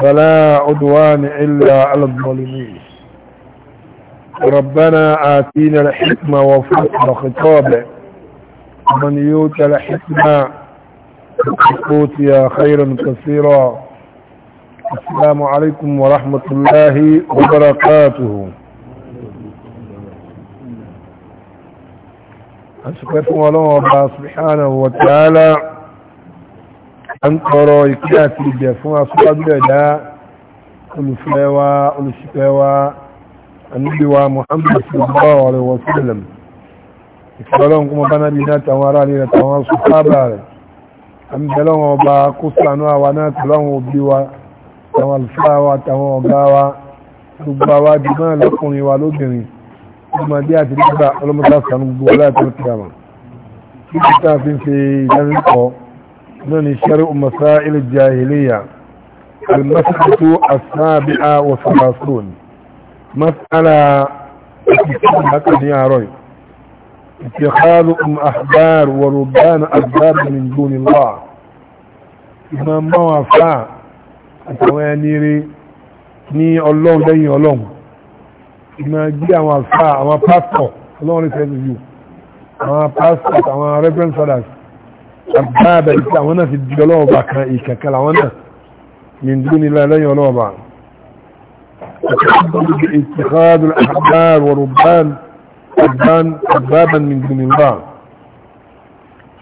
فلا عدوان إلا على الظالمين ربنا آتينا الحكمة وفصل خطابه من يوت الحكمة يا خيرا كثيرا السلام عليكم ورحمة الله وبركاته أشكركم الله سبحانه وتعالى an kọrọ ikú àti ìbẹ̀ fún asúwájú ẹ̀dá olùfẹ́wà olùsìfẹ́wà anúbíwà muhammad sallallahu alaihi wa sallam ìfẹ́lọ́n kuma bá nábi náà tàwọn ará ní tàwọn sùfábà rẹ̀ an bẹ̀lọ́n ọba kó sànú àwa náà tàwọn òbí wa tàwọn alfáwa tàwọn ọ̀gá wa gbogbo àwa jùmọ́ lọ́kùnrin wa lóbìnrin ọmọdé àti nígbà ọlọ́mọdé àti àwọn gbogbo aláàtọ̀ tìyàmọ̀ من شرع مسائل الجاهلية المسألة السابعة والثلاثون مسألة اتخاذ ام احبار وربان احبار من دون الله ما موافع اتوانيري ni ọlọ́run lẹ́yìn ọlọ́run ìmọ̀ gbé àwọn àfáà àwọn pásítọ̀ ọlọ́run ní fẹ́ẹ́ lójú àwọn pásítọ̀ àwọn reverend fathers àbábẹ̀ ìtì àwọn náà ti di ọlọ́ọ̀bà kan ìkẹ̀kẹ́ làwọn náà ní dúró nílá lẹ́yìn ọlọ́ọ̀bà اتخاذ الأحبار وربان أبان أبابا من دون الله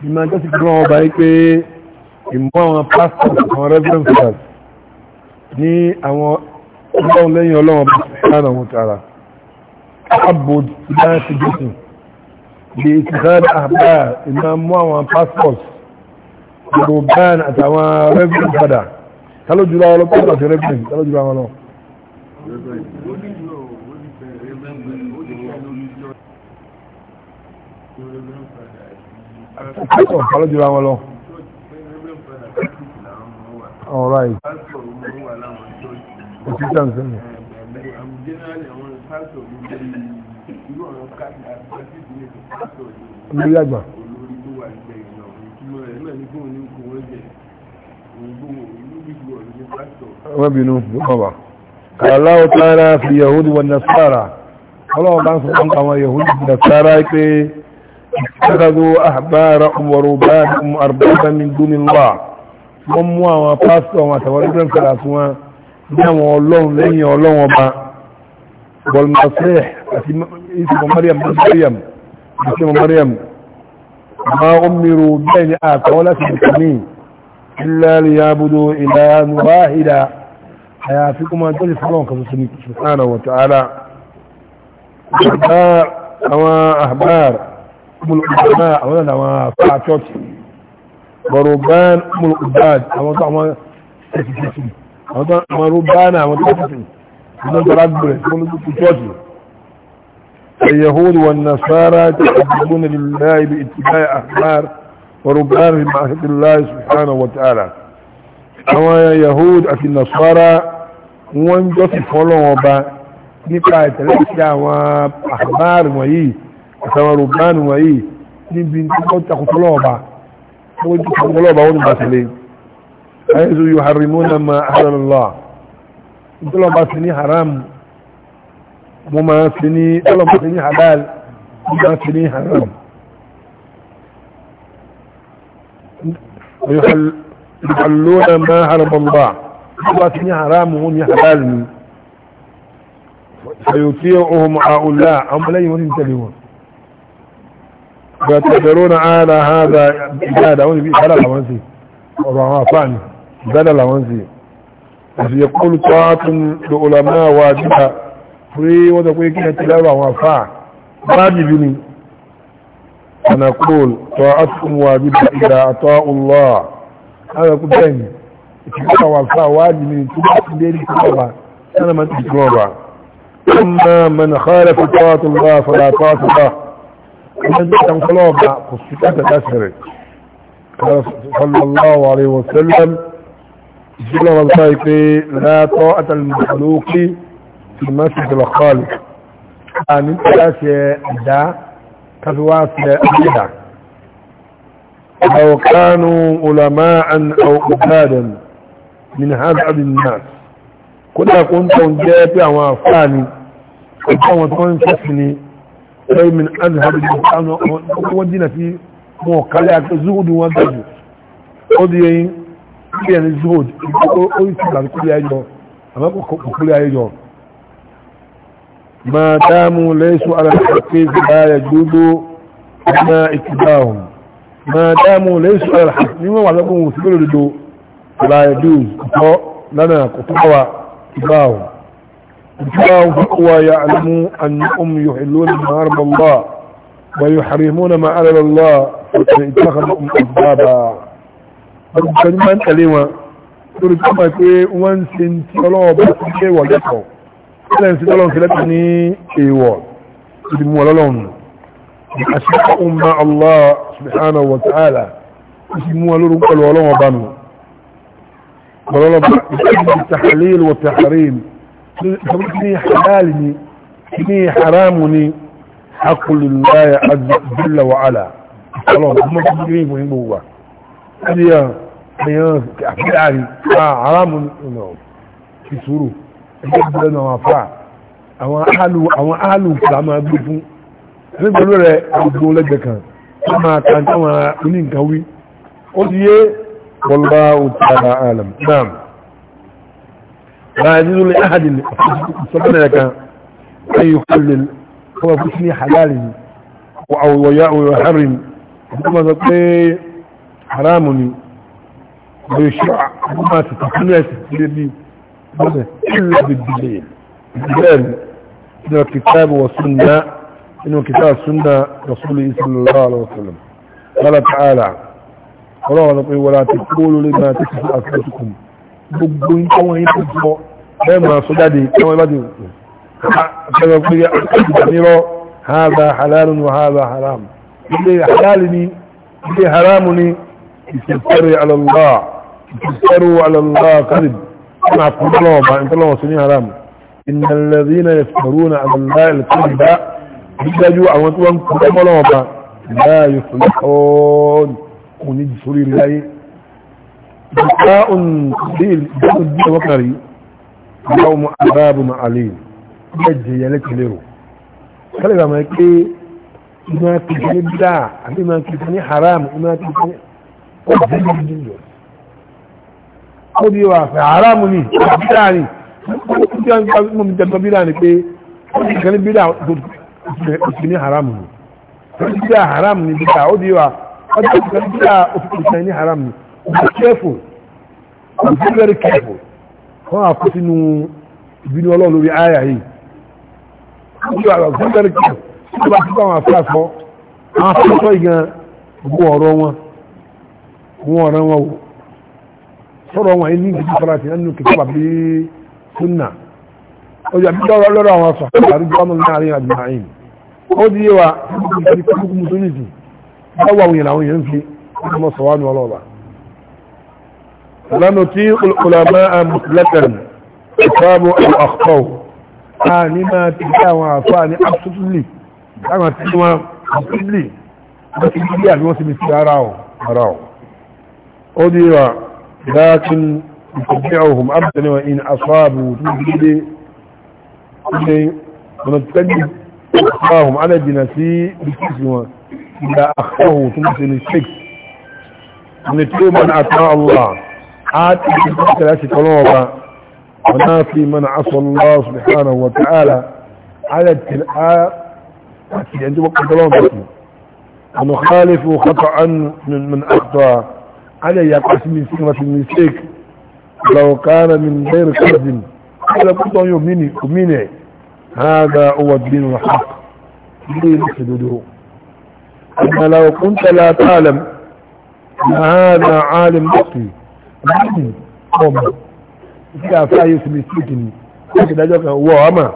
بما جسد الله بايك ìmọ̀ àwọn pásítọ̀ àwọn reverend fathers ní àwọn ọlọ́run lẹ́yìn ọlọ́run ọba ṣáàrà wọn tààrà abud láti jésù bí ìtìsáàdì àbá ìmọ̀ àwọn pásítọ̀ yorùbán àtàwọn rẹ́gbẹ̀rún padà tálójúlá ọlọ́pàá àti rẹ́gbẹ̀rún tálójúlá wọn lọ. pásítọ̀ tálójúlá wọn lọ. all right. o ti sàn sẹ́nu. olórí àgbà. olórí tó wà ọmọ rẹ̀ náà ní gbóhùn ní kò wọ́n jẹ wọ́n bínú lọ́wọ́ aláwọ̀ tààrà fi yahudi wọn nasara ọlọ́wọ́ bá ń sọ àwọn yahudi nasara pé ìtàkàzó àbára ọmọrò bá mú àrbáta ní dúnilá wọ́n mú àwọn pásítọ̀ wọn àtàwọn ìgbẹ́ ما أمروا بين آتولة الكمين إلا ليعبدوا إلها واحدا حياتكم أن تجفلون سبحانه وتعالى أحبار أما أحبار أم الأمناء أولا أما فاتوت وربان أم الأباد أما طعما أما ربانا أما طعما أما تربل أما تربل اليهود والنصارى تحبون لله باتباع احبار وربان بمعهد الله سبحانه وتعالى كما يهود في النصارى وانجف فلو وبا نقاة تلسع واحبار وي كما ربان وي نبين تقوت تقفلو وبا تقوت تقفلو وبا ونبا سليم حيث يحرمون ما أحلى الله انتلو باسني حرام mo máa ń fi ní ọlọ́mọ fi ní halal mo máa ń fi ní haram yọ̀hálónà máa haramọ́lá wọ́n bá fi ní haram wọ́n ní halal ni sayòtí ohun àúlá amúlẹ́yìn wọ́n ti tẹ̀lé wọn gbẹ̀tẹ̀bẹ̀rún ààrẹ ààrẹ ìgbàdà wọ́n ti ìgbàdà làwọn sí ọ̀rọ̀ àwọn àfáàní ìgbàdà làwọn sí àti yẹ kọ́lù tó á tún lọ́ọ̀lọ́mọ́ wájú pé wọ́n sọ pé kí ẹ ti lẹ́rọ àwọn afá báàdì bí ni anakol tọ́ atúmùwà bíbá ìgbà àtọ́ ọlọ́ àwọn bẹ́ẹ̀ ni ìtìkọ́ àwọn afá wáàdì mi tó bá ti lérí tó ọba sẹ́nà máa ti tì kọ́ ọba ọmọ mẹ́nà kọ́rẹ́ fi tọ́ tó lọ́ fọlá tọ́ tó lọ́ ọmọ tó tẹ̀ ń kọ́lọ́ ọba kò sí káta dáṣẹ̀rẹ̀ sallallahu alaihi wasallam ìṣẹ́lẹ̀ wọn sọ pé látọ́ àtàlùmọ̀ في مسجد الخالق أن تلاشي دا كانوا علماء أو أبادا من هذا الناس كل كنت جاءت وعفاني كنت وانفسني أي من أذهب الإنسان ودينا في موكالة زهد وانتجو قضيين يعني الزهد قضيين الزهد قضيين الزهد قضيين الزهد ما داموا ليسوا على الحق فلا يجوز ما اتباعهم ما داموا ليسوا على الحق مما وعدكم وسبلوا فلا يجوز لنا قطوة اتباعهم اتباعهم فقوى يعلموا أنهم يحلون ما حرم الله ويحرمون ما علم الله فاتخذهم أسبابا فالكلمة كلمة تريد أما يقول وانسنتي الله بس ẹlẹ́yìn sí tọ́lọ́run fi lẹ́tọ̀ ní èèwọ̀ ìdí mú ọlọ́lọ́run ní àṣíkọ́ ọmọ Allah subhanahu wa ta'ala ìsì mú ọlọ́run pẹ̀lú ọlọ́run ọba nù ọlọ́lọ́ba ìsìnkú tahlil wa tahrim ní halal ni ní haramu ni hakulillahi azza wa ala ọlọ́run ọmọ fún mi fún gbogbo wa ẹni yàn ẹni yàn àfihàn haramu ni ìsúrù ẹgbẹ́ lọ́nà àwọn afá àwọn áàlù fàmà gbé fún ẹgbẹ́gbẹ́lú rẹ̀ gbogbo lẹ́gbẹ̀ kan tó máa kan táwọn oní nǹkan wí ó ti yé wọlbá òtàrà àlàm náà láàá nínú lè áàdì sọ́kànnà rẹ̀ kan ayò kọlẹ̀ kọwà fún sí ní halal ni wàwọ̀yá òyò harin هذا بالدليل بالدليل من الكتاب والسنة إنه كتاب السنة رسوله صلى الله عليه وسلم قال تعالى الله نطيه ولا تقولوا لما تكسوا أسلتكم بقوين كوين تكسوا كما صدادي كما يبدو هذا حلال وهذا حرام اللي حلالني اللي حرامني يسفر على الله يسفروا على الله قرب أنا أقول الله ما أنت الله سني حرام إن الذين يفترون على الله الكذب يجوا أو أنتم كلام الله ما لا يفلحون ونجي سوري الله بقاء قليل جاء الدين وكري يوم عذاب عليم يجي يلك ليرو كلمة ما يكي ما كي بدع ما كي حرام ما كي قد جديد ó di wà fẹ́ àrámù ní bídà ní tí wọ́n gbá mọ́ mi jẹ́ bídà ní pé ìkànnì bídà òsì ní àrámù ní bídà àrámù ní bídà ó di wà ọjọ́ ìkànnì bídà òsì ní àrámù ní be careful be very careful wọ́n á kó sínú ìbínú ọlọ́run lórí àyà yìí ó di wà be very careful tí wọ́n bá ti bá wọn afẹ́fọ́ àwọn afẹ́fọ́ yìí gan gbọ́ ọ̀rọ̀ wọn wọ́n ọ̀rọ̀ wọn wò sọ̀rọ̀ wọn ní ìdíjú farati nínú kìtàbà bí súnà ó yà bí lọ́rọ̀ lọ́rọ̀ àwọn sọ àrùjọ ọmọ láàrin àdìmáyìn ó di yé wa ní kúrúkú mùsùlùmí báwo àwọn ìyànà àwọn èèyàn fi ọmọ sọ̀wánú ọlọ́ọ̀bà lọ́nà tí olùkùlọ̀mọ́ àmùsùlẹ́tẹ̀n ìtọ́bù àkọ́ a ní máa ti gbé àwọn àfáà ní absolutely láwọn tí wọ́n absolutely wọ́n ti gbé àbí wọ́n ti mi sí ara ọ̀ ara ọ̀ ó di yé wa لكن يتبعهم أبدا وإن أصابوا تجد ونتجد أخاهم على جناسي بكسوة إذا أخاه تمثل الشك ونتلو من أطاع الله عاد ثلاثة قلوبة ونافي من عصى الله سبحانه وتعالى على التلقاء أكيد عندي وقت قلوبة ونخالف خطأ من, من أخطأ على يقاس من سنة المسيك لو كان من غير كذب قال كنت يؤمني أميني هذا هو الدين الحق دين حدوده أما لو كنت لا تعلم هذا عالم نقي مين أم في أفايس مسيكني لكن أجلك هو أما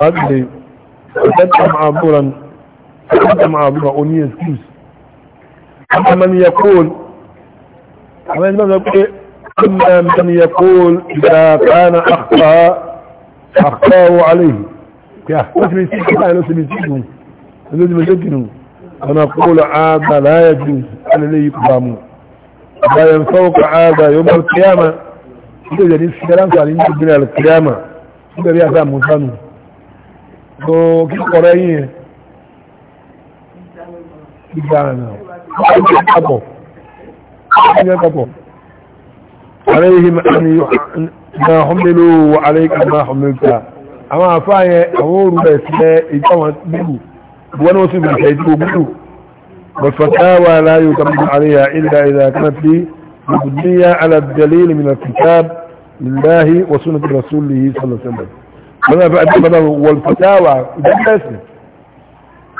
أدري أتتم عبورا أتتم عبورا أني أسكيس أما من يقول àwọn ẹni mẹ́rin pé ọmọ mẹ́rin yẹ kó ìdákaná àkọ́wọ́ aléyìí pé àkọ́sílẹ̀ sí ìgbà ìlọ́sílẹ̀ sí ìgbà ìlọ́sílẹ̀ sí ìgbà ọ̀nà kóòlù ààbà láyé jù alẹ́lẹ́ yìí kúbà mú bayan sauka ààbà yóò mọ̀ kíyàmà ilé ìjẹ̀dí sí ẹlẹ́nsà ní ìgbìnà kíyàmà nígbẹ̀rí àti àmúsánù tó kíkọ̀ rẹ̀ yìí ìgbà náà عليهم أن ما حملوا وعليك ما حملتها أما فاية أمور بسلاء إجابة منه من حيث منه والفتاوى لا يتمد عليها إلا إذا كانت لي مبنية على الدليل من الكتاب لله وسنة رسوله صلى الله عليه وسلم فأنا فأتبنا والفتاوى جلسة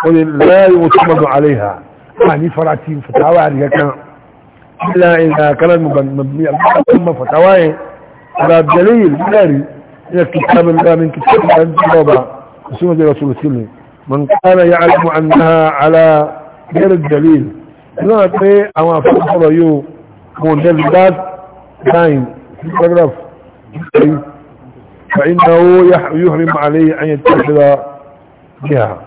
قل لا يتمد عليها يعني فرعتين فتاوى عليها كان إلا إذا كلام مبني ثم فتواه على دليل جاري إلى كتاب الله من كتاب الله سنة رسول الله من كان يعلم أنها على غير الدليل لا تقي أما أفضل يو مدلدات ناين الغرف فإنه يحرم عليه أن يتخذ بها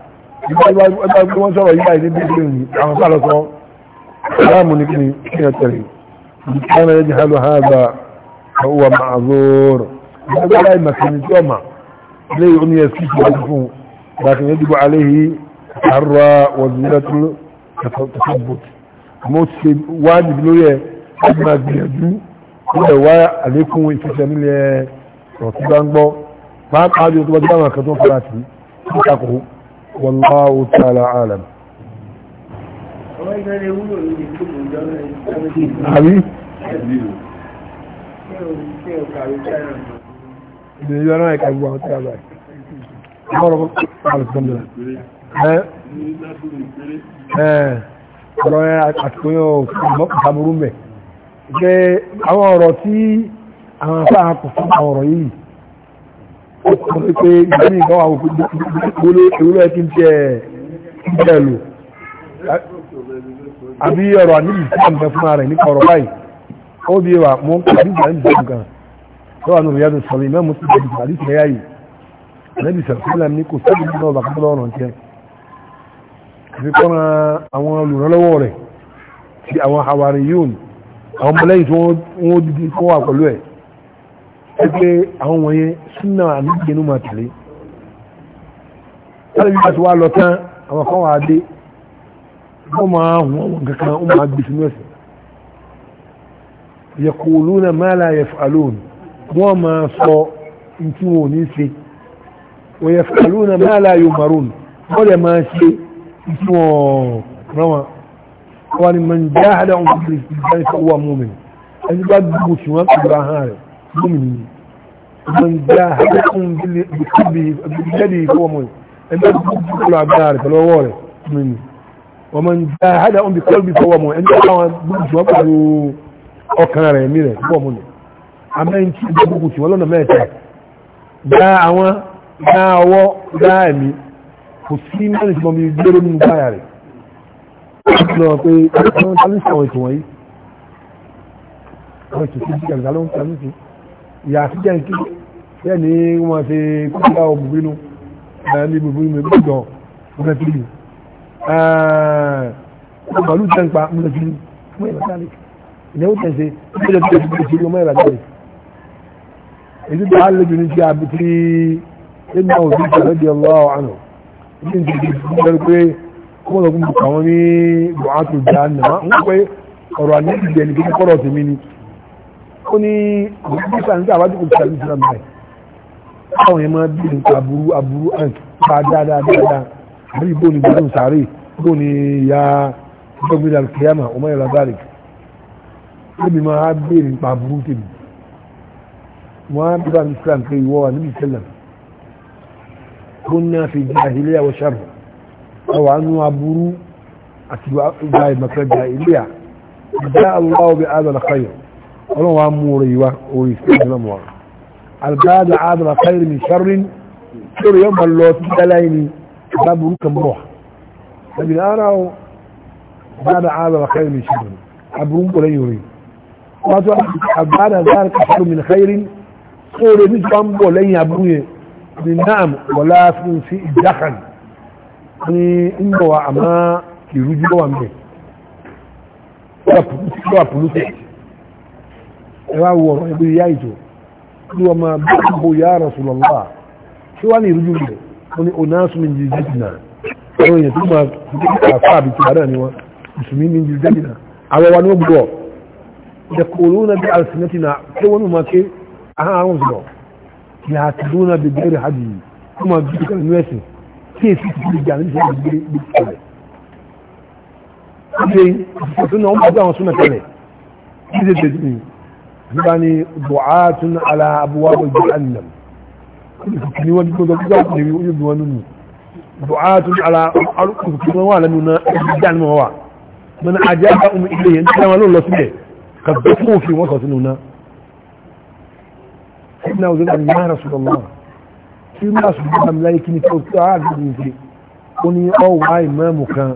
حرام لابن كثير إن كان يجهل هذا هو معذور هذا لا يمكن الجمع لا يغني يسكت لكن يجب عليه الحرة وزيرة التثبت موت واجب له ما بيجو ilẹ̀ wá àlékún ìfẹsẹ̀ nílẹ̀ ọ̀tí bá ń gbọ́ pàápàá jù tó bá jẹ́ àwọn akẹ́tọ́ fara àbí ìdèjì ọ̀nà ẹ̀ka gbogbo àwọn tẹ́lá báyìí ọ̀rọ̀ alùsọ̀mọ̀lá ọ̀rọ̀ àtìkóyọ̀ ìtàbùrú mẹ́ pé àwọn ọ̀rọ̀ tí àwọn afáà kò fún àwọn ọ̀rọ̀ yìí ó kọ́ pé ìgbẹ́ni ìgbọ́wà òkú gbóló ewúrẹ́ kí n tiẹ̀ lò àbí ọ̀rọ̀ àníbi sí àǹfẹ́ fún ara rẹ̀ nípa ọ̀rọ̀ báyìí ó bí wà mọ́ àdìsí àdìsí nǹkan lọ́wọ́ àwọn òyàdùn sọ̀rọ̀ ìmọ̀ mọ́tò àdìsí àdìsí ẹ̀yà yìí ànábì sàfihàn ní kò sẹ́yìn náà bàbá tó lọ́rùn jẹ́ àfi kọ́ra àwọn olùrànlọ́wọ́ rẹ̀ ti àwọn àwárí yóò ní àwọn ọmọlẹ́yìn tí wọ́n dídí kó wà pẹ̀lú ẹ̀ ẹ pé àwọn wọ̀nyẹn súnà àníbi ẹnu máa tẹ̀lé tálẹ́bí bá ti wá lọ tán àwọn kan wà á dé wọ́n máa hùn àwọn kankan wọ́n máa gbèsè mẹ́sẹ̀ yaquluna ma la yaf'alun wọ́n máa sọ ntí wọn ò ní ṣe wa yaf'aluna ma la yumarun wọ́n lè máa ṣe ntí wọn rọ́wọ́n wọ́n ni man jahada òun kìí ṣe ìgbà wà mu'min ẹni bá gbogbo tí wọ́n kò bá hàn rẹ̀ mu'min ni man jahada òun kìí ṣe ìgbà wà mu'min ẹni bá gbogbo tí wọ́n kò bá hàn rẹ̀ mu'min ni ومن جاهدهم بقلبه فهو مؤمن àwọn gbogbo pẹ̀lú ọkàn rẹ̀ mi rẹ̀ púpọ̀ múlẹ̀ àmẹ́yìn tí ìjọ gbogbo tí wọ́n lọ́nà mẹ́ta dá àwọn dá ọwọ́ dá ẹ̀mí kò sí mẹ́rin tí wọ́n fi gbéró nínú báyà rẹ̀ lọ pé wọ́n tálí sí àwọn ètò wọ̀nyí àwọn ètò tí bí kàlùkà ló ń tálí sí ìyá àtijọ́ ìkí bẹ́ẹ̀ ni wọ́n ti kúkúrú àwọn bùbínú ẹni bùbínú ẹgbẹ́ ìjọ wọ́n fẹ́ bàálù tẹ̀ ń pa mo lọ sí mọ́ ìlà sáré ìnáwó tẹ̀ ṣe ó lọ sí ìlú sí mọ́ ìlà sáré èyí tó bá lójú ní ti àbítí nínú àwọn òbí ìṣẹ̀lẹ̀ di ọlọ́wọ́ àná ní ti di ìṣẹ̀lẹ̀ pé kọ́mọ̀ lọ fún mi kàwọn ní bùhátù jáàna ń pẹ́ ọ̀rọ̀ àní ìgbẹ́ ní kíkọ́ ọ̀rọ̀ tèmi ni ó ní òbí ìṣẹ̀lẹ̀ ní àwájú kò sàlẹ̀ ìṣẹ̀lẹ̀ mẹ́rẹ̀ àwọn yẹn máa bí nǹkan aburú aburú àǹkì bá dáadáa dáadáa àbí bó ni gbẹdùn sàárè bó ni ya gbẹgbẹdà kìyàmà ọmọ yàrá bá rè ẹbí máa béèrè nípa burú tèmi wọn á bí bá mi islam pé ìwọ wà níbi ìṣẹ̀lẹ̀ kúnná fi jahiliya wa sharr àwọn àánú aburú àti ìgbà ìmọ̀kẹ́ jahiliya ìdá aláwọ̀ bí adàlá kayọ̀ ọlọ́wọ́ á mú orí wa orí ìṣẹ̀lẹ̀ mọ́ àlùbáàdà adàlá kayọ̀ min sharrin sórí yóò máa lọ sí dáláyé ni babu rukan bawa da bi ara o ba da ala wa khairin shirin aburun bulan yuri wato abada zar ka shirin min khairin tsore ni ban bulan ya buye ni na'am wala sun fi idahan ni in bawa amma ki ruji bawa mai wa pulusi ẹwà wọ̀rọ̀ ẹgbẹ̀ yáìtò tí wọ́n ma bá ń bo ya rasulallah tí wọ́n ni rújú rẹ̀ wọ́n ní onáàsùn mi jìí jìdìnà àwọn èèyàn tó máa fi àfáà bí tìbádà ni wọ́n mùsùlùmí mi jìí jìdìnà àwọn wa ni ó gbọ́ yẹkùlúnà bí alsinatina tí wọ́n máa ké ahọ́n àwọn sọ̀rọ̀ yàtìlúnà bí gẹ́rì hajj tó máa bí kan nẹ́ẹ̀sì tí èsì fi jà ní ìṣẹ́ ìgbé bí kẹlẹ̀. ṣe ìṣètò náà wọ́n bá àwọn súnmọ̀ tẹ́lẹ̀ kí ni bá ala abúwá bọ̀ jẹ́ ni wọ́n gbogbo gbogbo gbogbo ní ojú bí wọ́n nínú du'atu ala alukuru kí wọ́n wà lẹ́nu na ẹgbẹ́ ní wọ́n wà mọ́nà ajá bá omi ilé yẹn tí wọ́n lọ sílẹ̀ ka bẹ́ fún òfin wọ́n sọ sínú náà ina wajen an ya rasulullah kí ní àṣùgbọ́n àmì láyé kí ni tó tó ààrẹ ní ìgbé ó ní ọwọ́ ìmáàmù kan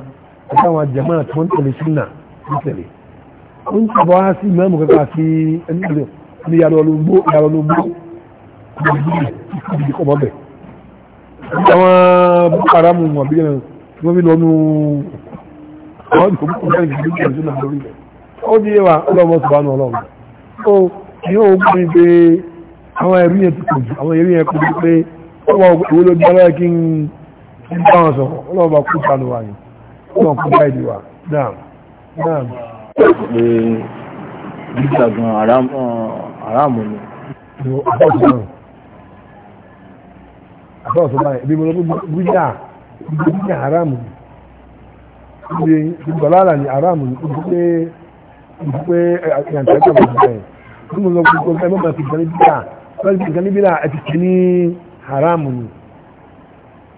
àtàwọn jama'a tó ń tẹ̀lé sunna ń tẹ̀lé ó ń tẹ̀bọ̀ sí ìmáàmù kan kà ẹni ìlú ní yàrá olóńgbò yàrá olóńgbò kò ní ìlú ìdí kọ́ bọ́bẹ̀ àwọn bukara mu wọn bíi wọn bí lọ́nu wọn kò bukú bẹ́ẹ̀ ní ìdí kọ́ sínú àlórí rẹ̀ ó di yé wa ọlọ́mọ tó bá nù ọlọ́run ó ní ó gbé pé àwọn ẹ̀rí yẹn ti bí pé ó wà àbá ọ̀sán báyìí ibi mọ̀lọ́gbọ́n gbígbà gbígbà haramu ibi gbàlálà ní haramu ìdúpẹ́ ìdúpẹ́ àyàntàkà bàbá yẹn bí mọ̀lọ́gbọ́n gbígbà ẹgbẹ́ máa fi gan níbi dà wọ́n fi gan níbi dà ẹ ti kìíní haramu ni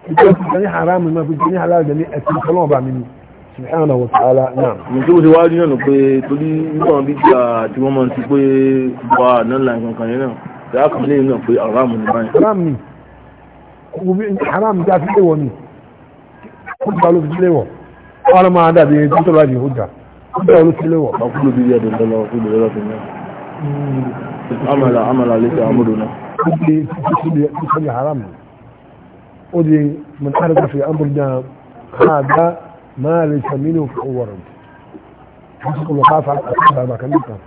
ìjọba ti gan ní haramu ni máa fi gan ní haramu ni ẹ̀sìn ìfọlọ́wọ́ bá mi ni subhanahu wa ta'ala náà. nítorí wọ́n ti wá rí pé torí nígbà wọn bí gbà tí wọ́n máa ti pé wà náà kankan yẹn náà haram ta fi léwọ ni hujja ló fi léwọ wọn máa dàbí ẹni tó tọ́lá di hujja hujja ló fi léwọ. ọkùnrin ló bí yẹ dundun lọ fún ìdílé lọ́sùn náà amala amala lè ṣe amúdùn náà. ó di síbi síbi haram ó di mọ̀tàrí kọfí amúdùn náà káàdá máa lè ṣàmínú fún wọ̀rọ̀ wọ́n sọ pé káfà àti ìgbàgbà kan nìkan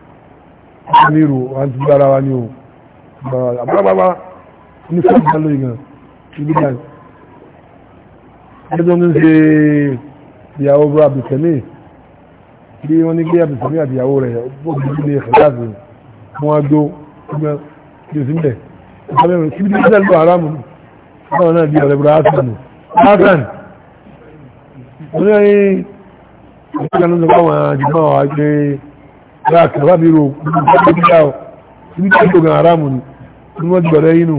ó ní irú wọn ti gbára wa ní o àbúrò bàbá ní fún tìlúgbàn ẹjọ́ ní ṣe ìyàwó bá abdulkami bí wọ́n ní gbé abdulkami àti ìyàwó rẹ̀ bóbi ní ilé ẹ̀kọ́ wọn gbó gbẹ kí o sí mbẹ ìsàlẹ̀ rẹ̀ síbi ní ìsàlẹ̀ lọ haramu báwọn náà di ọ̀rẹ́ bọ̀rọ̀ hasan hasan wọ́n ní ọ̀pọ̀lọpọ̀ ní ọ̀pọ̀lọpọ̀ àjùmọ̀ àgbẹ̀ ráàkì àbábírò gbogbo ìgbà síbi ní ìsàlẹ̀ lọ haramu ni wọ́n ti bọ̀rẹ̀ yìí nù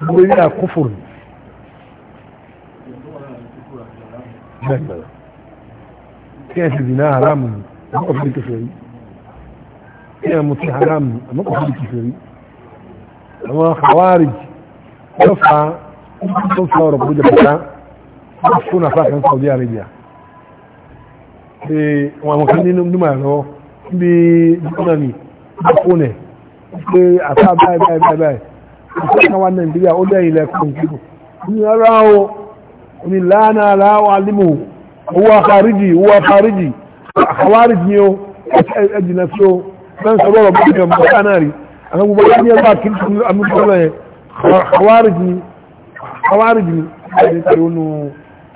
gbogbo yana kufur kí ẹ sì dìnnà haramu àmọ́ kò fi kèfèrí kí ẹ mutí haramu àmọ́ kò fi kèfèrí àwọn khawarij yóò fa tó fi ọ̀rọ̀ kúrò jẹpẹta wọn fún àfa kan Saudi Arabia ṣe wọn àwọn kan nínú ndúmọ̀ àlọ́ níbi dúkúnà ni wọn fún ẹ pé àfa báyìí báyìí báyìí ìfẹ́kàn wa nàìjíríà ó lẹ́yìn lẹ́kùn kíkù ní ara o ní lánà aláwọ̀ alímù owó àfáríjì owó àfáríjì àwáríjì o ẹjìnà sí o náà sọ lọ́rọ̀ bóyá ọmọ ọ̀gá náà rí àwọn gbogbo ọjọ́ ní ẹgbà kí ní amúkọ́lọ́ yẹn àwáríjì àwáríjì ní ẹni tí ó nu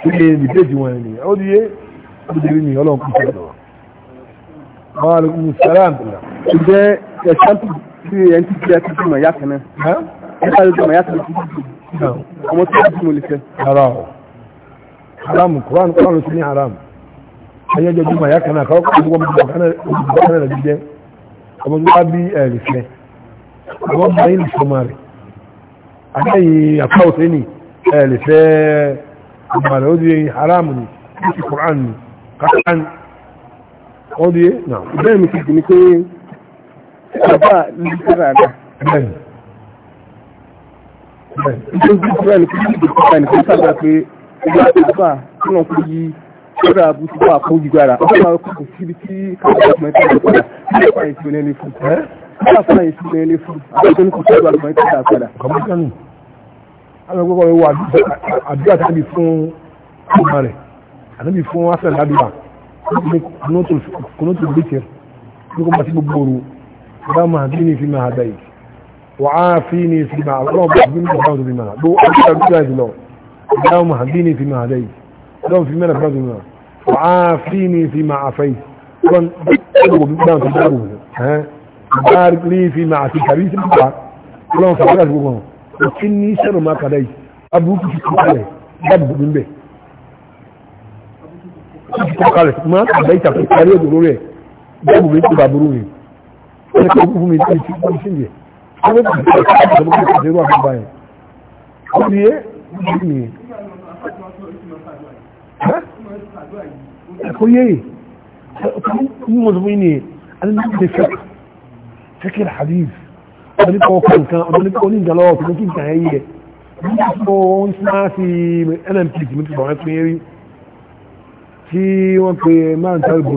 ilé ìdíjì wọn ni ó di yé ọdún ní ọlọ́run kìí sọ̀rọ̀ ẹ̀ka ló dọ̀mọ̀ yàtọ̀ sí ọmọ tó yàtọ̀ mo lè fẹ́. ara o haram kuran kuran ló sì ní haram ayé jẹ́ jùmọ̀ yàtọ̀ náà kọ́kọ́ tó wọ́n bọ̀ kánà kánà lè jẹ́ ọmọ tó wá bí ẹ̀ lè fẹ́ ọmọ bá yín lè fẹ́ ọmọ rẹ̀ àtẹ̀yìn àkọ́wọ̀ tó ní ẹ̀ lè fẹ́ ọmọ rẹ̀ ó di haram ni ó sì kuran ni kankan ó di náà ìbẹ́ẹ̀ mi ti dì ní pé ọba ní sẹ́ra rẹ̀ bẹ́ẹ̀ ìjọ ìjọ ìjọ ẹni kí ìjọ ẹni kí sábà pé ìjọ àtúbà tí wọn kò yí lọ́dọ̀ àbú tí wọ́n àpò yìí gbára ọjọ́ máa kò síbi tí káwọn ọmọ ẹ̀ka ìjọ padà ní ọ̀pá ìṣú ní ẹni fún ní ọ̀pá ìṣú ní ẹni fún àtọ́jọ́ ní kò tọ́jú àgbà ẹ̀ka ìjọ padà. kọ̀mọ́tánì alágbèbọ̀ wọ àdúrà tàbí fún ọmọ rẹ̀ وعافيني فيما اللهم اهدني فيما بما لو أنت جاهد له اللهم اهدني فيما هديت اللهم فيما نفعت بما وعافيني فيما عافيت اللهم بما ها بارك لي فيما عافيت لي سبحانك اللهم فقرت بكم وكني شر ما قضيت أبوك في كفالة دب من به kọkàlẹ̀ máa tàbí ìtàkùn kárí òdòdó rẹ̀ bẹ́ẹ̀ bùbí tó bàbúrú rẹ̀ ẹni kọ́ fún mi ní ìtìkú sí ìyẹn àwọn ọmọ ìgbà tó ń bọ̀ dérú àgbà báyìí ó ní é ó ní é ẹ̀kọ́ yé ní mo sọ fún yín ni aláǹdé fẹ́k fẹ́kẹ́ hadith ọdún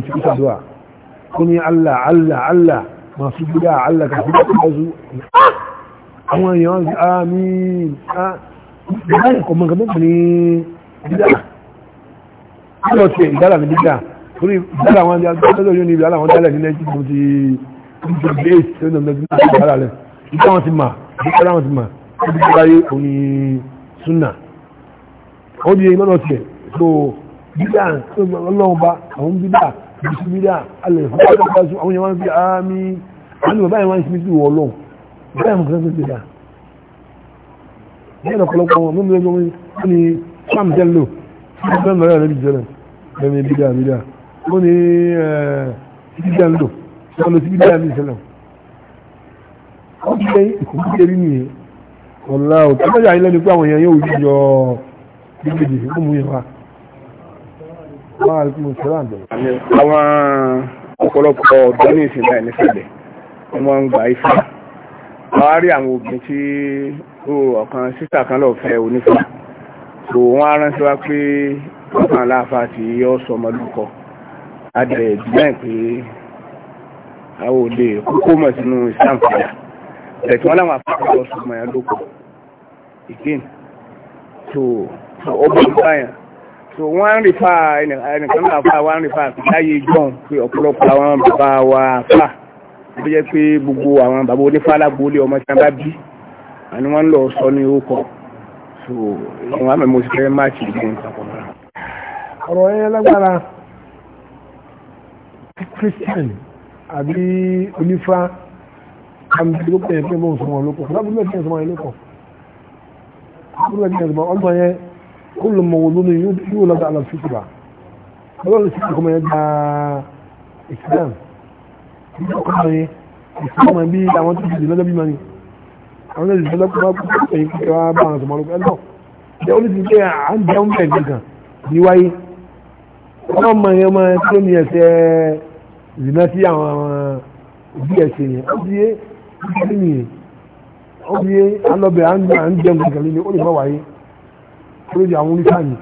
nípa Allah Allah Allah masu gida a Allah ka fi ƙazu ah! àwọn èèyàn sí àmì ìdáyà kò mọ̀ kàbọ̀ ní dídá ọlọ́ tí ìdára ní dídá torí ìdára wọn ni agbẹ́lẹ́ yóò ní ìdára wọn dálẹ̀ ní lẹ́yìn tí mo ti gbé èsì tó lọ́dún ní ìdára rẹ̀ ìdá wọn ti mà ìdára wọn ti mà ó ti gbára yé òní súnà ó di iná lọ tiẹ̀ so dídá ọlọ́run bá àwọn dídá bisimilá alẹ́ fún ọjọ́ ìgbà sùn àwọn yẹn fi àmì àwọn ìgbà báyìí wọ́n ń sinmi sí wọ́ lọ báyìí wọ́n kàn sí ti dá bẹ́ẹ̀ ni ọ̀pọ̀lọpọ̀ wọn mímú ẹgbẹ́ wọn ni sam tẹ́lẹ̀ lò fún ọjọ́ ìgbà rẹ̀ jẹ́rẹ̀ lẹ́nu bídà bídà wọ́n ni bídà lò wọ́n lọ sí bídà mi sẹ́lẹ̀ wọ́n ti lẹ́yìn ìkùnkùnkẹ́rì nìyẹn ọ̀la òtún ọjà ilẹ̀ ni pé àwọn èèyàn yóò yíyọ bíbèdè fún mú yẹn wa àwọn ọ̀pọ̀lọpọ̀ ọ̀dọ́ ní ìsìn náà nísàlẹ̀ wọ́n máa ń gba ifá wọ́n á rí àwọn obìnrin tí ọ̀kan sísà kan lọ fẹ́ onífà so wọ́n á ránṣẹ́ wá pé ọ̀kan aláàfà tí yọ sọ ọmọlúkọ adẹ̀ ìdílẹ̀ pé a ò lè kókó mọ̀ sínú Islam padà ẹ̀tí wọ́n láwọn àpapọ̀ lọ sọ yẹn lóko again so ọgbọ́n báyàn so wọ́n ń rìfà ẹnìkan náà fà wọ́n ń rìfà láyé john pé ọ̀pọ̀lọpọ̀ àwọn bàbá wa fà tó jẹ́ pé gbogbo àwọn bàbá onífàlágbólé ọmọ tí wọ́n bá bí àni wọ́n ń lọ sọ ní orúkọ so ìwọ̀n àmì mo sì fẹ́ má ti gbé nǹkan kan mọ́ra. ọ̀rọ̀ yẹn lágbára christian àbí onífà àmì lókè yẹn pé mo ń sọ wọn lóko lábúlé tí mo ń sọ wọn lóko lábúlé tí mo ń sọ wọn lóko كل مولود يولد على الفطرة ọlọ́run sí ìkọmọ ẹ̀ gba ìsìlẹ̀m ọkùnrin ìsìlẹ̀m bí àwọn tó jìdì lọ́jọ́ bí mani àwọn tó jìdì lọ́pọ̀ ẹ̀yìn kíkẹ́ wá bá àwọn ọmọlú ẹ̀lọ́ jẹ́ olú ti jẹ́ à ń jẹun bẹ́ẹ̀ gẹ̀gàn ní wáyé wọ́n mọ ẹ̀yẹ ọmọ tó ní ẹsẹ̀ zìnà sí àwọn òbí ẹ̀sẹ̀ yẹn ó ti yé ó ti yé alọ́bẹ̀ à ń jẹun gẹ̀gàn ní ó lè má wáyé lójú àwọn onífàmì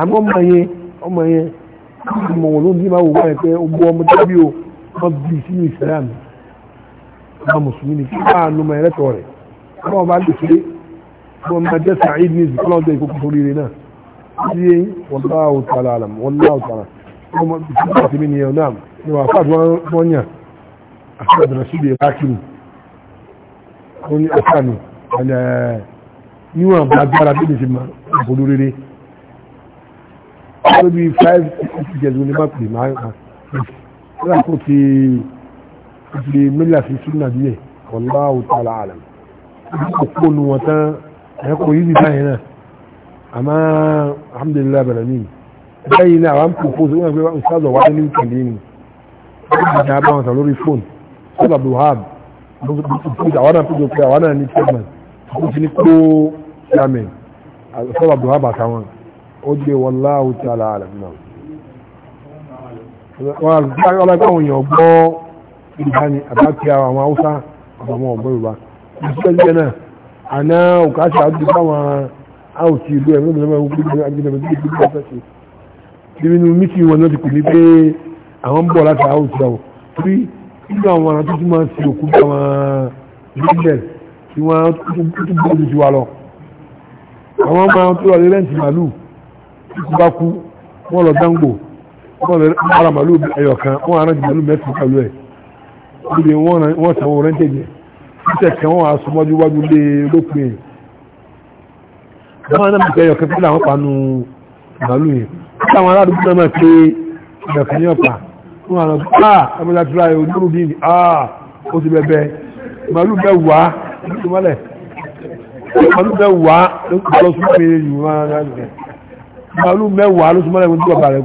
àmọ́ ọmọ yẹn ọmọ yẹn ọmọ wọn ló ń bí máa wò wáyé pé ó bu ọmọ dábí o wọ́n bí sínú ìsìlámù ọmọ mùsùlùmí ni kí wọ́n á nu ọmọ ẹlẹ́tọ̀ rẹ̀ ọmọ ọba lè ṣe ọmọ ọmọ jẹ́ sàáid ní ìsìnkú lọ́dọ̀ ìkókò tó rire náà sí wallahu ta'ala alam wallahu ta'ala ọmọ ìsìnkú àti wọ́n afáàdì wọ́n wọ́n ní àfáàní níwọ̀n ìbòlú rere ó bí five six years ní máa pè máa ń rà kó ti ti mílíà sí súnà díẹ̀ ọ̀lá òtàlà àlàm òpó nu wọn tán ẹ̀kọ́ yìí báyìí náà àmọ́ alhamdulilayi bẹ̀rẹ̀ ní báyìí náà àwọn kò fóso wọn pé wọn sáàzọ̀ wáyé ní ìkàlẹ́ ni wọ́n ti dá bá wọn sọ lórí fóònù sọ́dọ̀ buhab àwọn náà péjọ pé àwọn náà ní chairman ó ti ní kó chairman sọ́wọ́ abdullahi bàtà wọn ó gbé wallahu ta'ala alam náà wọn alágbá àwọn èèyàn gbọ́ ìdíbá ni àbákí àwọn haúsá àbàmọ́ ọ̀gbọ́ yorùbá ìṣẹ́jẹ́ náà àná òkàṣà àdúgbò àwọn àwòtí ìlú ẹ̀rọ ìgbìmọ̀ ìgbìmọ̀ ìgbìmọ̀ ìgbìmọ̀ ìgbìmọ̀ nínú mítí wọn náà ti kù ní pé àwọn ń bọ̀ láti àwòtí àwọ̀ torí nínú àwọn ará tó tún máa ń fi òkú bá wọn bíbẹ̀ tí wọ́n tún bọ́ọ̀lù sí wa lọ àwọn ọmọ tó lọ rẹ́ǹtì màálù kíkú bá kú wọ́n lọ dáńgbò wọ́n lọ ara màálù ẹ̀yọ̀ kan wọ́n arán màálù mẹ́sàn pẹ̀lú ẹ̀ níbi wọ́n sàn wọ́n rẹ́ǹtì jẹ títẹ̀ kan wọ́n aṣọ mọ́jú wájú lé lópin yẹn wọ́n náà bẹ̀rẹ̀ ẹ̀yọ̀ kan pẹ̀lú àwọn panu màálù yẹn kí àwọn ará àdúgbò náà pé ẹ̀yọ̀ kan yọ̀ pa wọ́n àná bá ẹ̀mọ́jà tó láyé ojú màálù mẹ́wàá ló lọ sí pé yìí máa ń rẹ̀ màálù mẹ́wàá ló súnmọ́ ẹgbẹ́ tí bàbá rẹ̀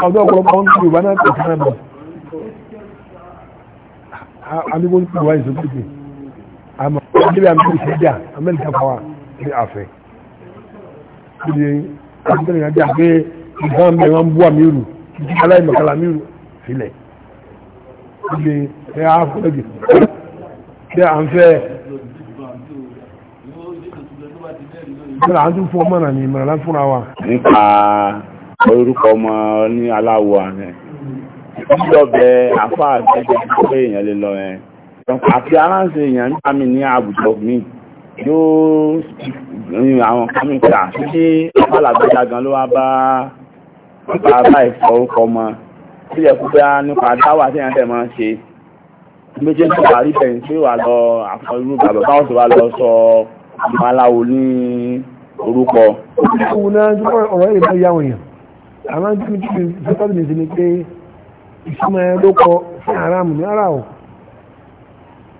kú wọ́n náà alibon kawa yi zubi ne amma a da mai shaida amurka kawa ne a fai kudi abin da ya pe nǹkan bẹ wọn bú àmì rù aláìmọ̀kálà àmì rù sílẹ̀ kudi ẹ á fọ́lọ́gì ṣe à ń fẹ́ ìgbàlá àti fún ọmọ náà ni ìmọ̀ràn fúnra wa nípa orúkọ ọmọ ní aláwọ̀ àná lílọ́bẹ̀ àfá àgbẹ́jẹ́ pé èèyàn lè lọ ẹ̀ àti aláǹsẹ̀ èèyàn nípa mi ní àwùjọ mi yóò rin àwọn kọ́míkà sí alàgbẹ́já gan ló wá bá bàbá ìfọ̀rúkọ mọ́ tí yẹ kúgbá nípa dáwà tí èèyàn tẹ̀ máa ń ṣe méjì tó wà rí bẹ̀yìn tí wà lọ àfọ̀rú bàbá báwọn sì wá lọ sọ ọmọ aláwo ní orúkọ. ó ti kú náà ọ̀rọ̀ ìbáyàwó yẹn àwọn tí mo ti fi sọ́tọ́ ìsúnmọ̀ ẹ ló kọ fún aráàmù ní ara ọ̀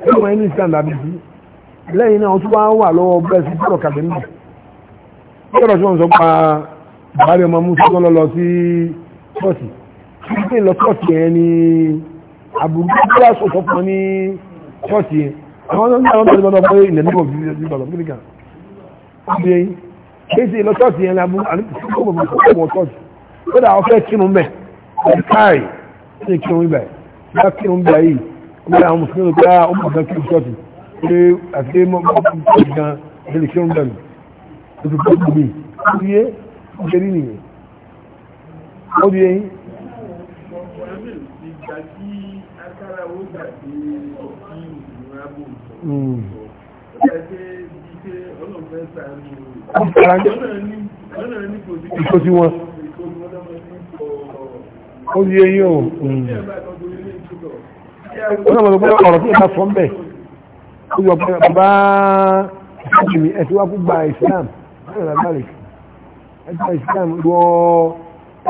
ẹ̀rọ ẹni stand àbí sí lẹ́yìn náà ó tún wá wà lọ́wọ́ bẹ́ẹ̀sì bọ́ọ̀rọ̀ kàdémù bọ́ọ̀rọ̀ tí wọ́n sọ pa bàbá ọmọ mú sọ́kọ́ lọ sí ṣọ́ọ̀tì tí wọ́n pín lọ ṣọ́ọ̀tì yẹn ní àbúrú kíláàsì òṣọ́pọ̀ ní ṣọ́ọ̀tì yẹn àwọn ọmọ náà wọ́n tẹ̀lé bọ́ ilẹ̀ nígbà bí bọ̀lọ̀ kí nìkan ọdún yẹn kí sì lọ ṣọ́ọ̀tì yẹn lábú àti kí ó bọ̀ bọ̀ ṣọ́ọ̀tì ní kí wọ́n ibà yìí bá kí wọ́n ibà yìí wọ́n bá àwọn mùsùlùmí pé ó mọ̀ gan kí wọ́n ṣọ́ọ̀tì pé àti mọ́kànlá gan ilé kí wọ́n ibà mi ó ti bọ́ sí mi ó di yé ó ṣe rí nìyẹn ó di yé yín. Mm. Ìkòsí wọn ó yé yín o ó sọ pé ọ̀rọ̀ tí ó bá sọ ń bẹ̀ ó yọ pé bàbá ìsìlámù ẹ̀sìn wá fún gba ìsìlámù ẹ̀sìn wá gbàlè ẹ̀sìn ìsìlámù lọ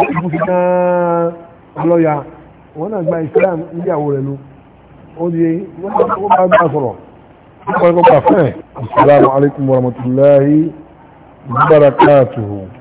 ẹ̀sìn fún gan ọlọ́yà wọn náà gba ìsìlámù níyàwó rẹ̀ ló ó yé wọn náà kó bá gbà sọ̀rọ̀ ó kọ́ ẹ̀kọ́ gbà asalaamualeykum wa rahmatulahi barakatuhu.